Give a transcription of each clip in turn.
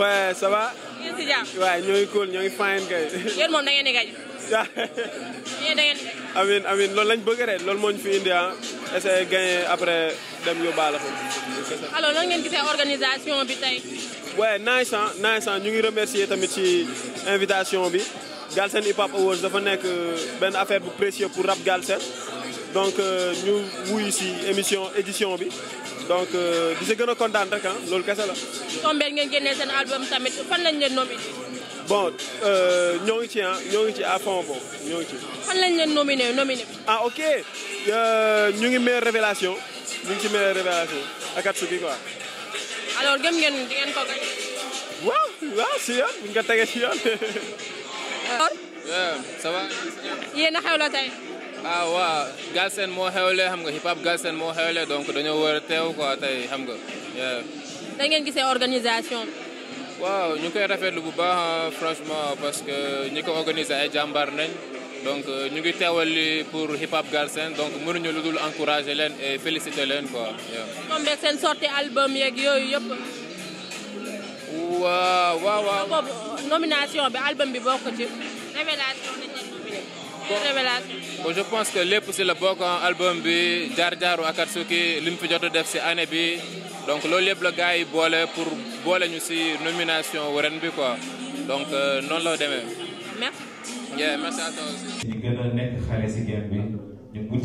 waaw ça va. ñoo ngi cool ñoo ngi fine kay. yéen moom da ngeen di gañ. yéen da ngeen di gañ. lañ bëgg rek loolu ñu fi indi ah. essayer gagner après dem yóbbaale ko. alors lan ngeen bi tey. waaw nice ah nice ah. ñu ngi remercier tamit ci invitation bi. Galsen Hip Hop Awards dafa nekk euh, benn affaire bu précieux pour rap Galsen. donc euh, ñu wuyu si émission édition bi donc euh, di se gën a kontaan rek ah loolu kese la. tombé ngeen génnee seen album tamit fan lañ leen nominé. bon euh, ñoo ngi ci ah ñoo ngi ci à fond boobu ñoo ngi ci. fan lañ leen nominé nominé. ah ok ñu ngi meilleure révélation ñu ngi ci meilleure révélation akatsu bi quoi. alors gëm ngeen di ngeen ko gañ. waaw waaw si yoon bu ñu ko tegee si yoon. ça va. xew la tey. ah waaw Galsen moo xewle xam nga hip hop Galsen moo xewle donc dañoo war a teew quoi tey xam nga. da ngeen gisee organisation bi. waaw ñu ngi koy rafetlu bu baax ah, franchement parce que ñi ko organiser ay jàmbaar nañ donc euh, ñu ngi teewal li pour hip hop Galsen donc mënuñu lu dul encourager leen et féliciter leen quoi. moom rek seen sorti yooyu yëpp. nomination bi album bi bokk révélation bon je pense que lépp si la bokk album bi jaar jaar Akatsuki li mu fi jot a def si année bi donc loolu yëpp la gars yi boole pour boole ñu si nomination ren bi quoi donc euh, noonu la demee. merci. yeah merci à toi ñu gën a nekk si game donc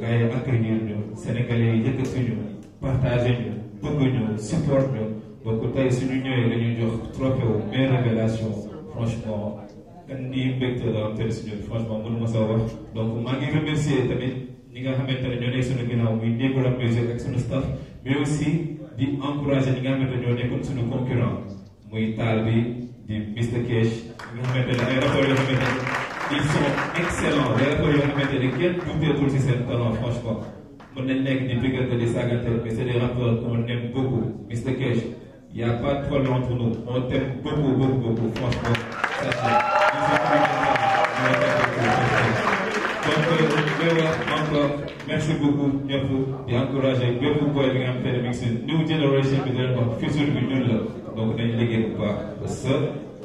gars yi ñu sénégalais yi yëkkati ñu partagé ñu bëgg support ñu donc tey suñu ñëwee dañuy jox trophée meilleure révélation franchement. gan di mbégte la am teel si ñun franchement mënu ma sa wax donc maa ngi remercier tamit ñi nga xamante ne ñoo nekk suñu ginnaaw muy Ndégo Rap Music ak suñu staff mais aussi di encourager ñi nga xamante ne ñoo nekkoon suñu concurrent muy taal bi di Mr Cash ñi nga xamante ne ay rapports yoo xamante ne ils sont excellents les rapports yoo xamante ne kenn duuteetul si seen talent franchement mën nañ nekk di bëggante di saagante mais c'est des rappeurs qu'on aime beaucoup Mr Cash y a pas trop long pour nous on t'aime beaucoup beaucoup beaucoup franchement attaché donc li may wax encore merci beaucoup ñëpp di encouragé bépp boy bi nga xam ne mi ngi seen new génération bi di leen wax futur bi ñun la donc dañu liggéey bu baax parce que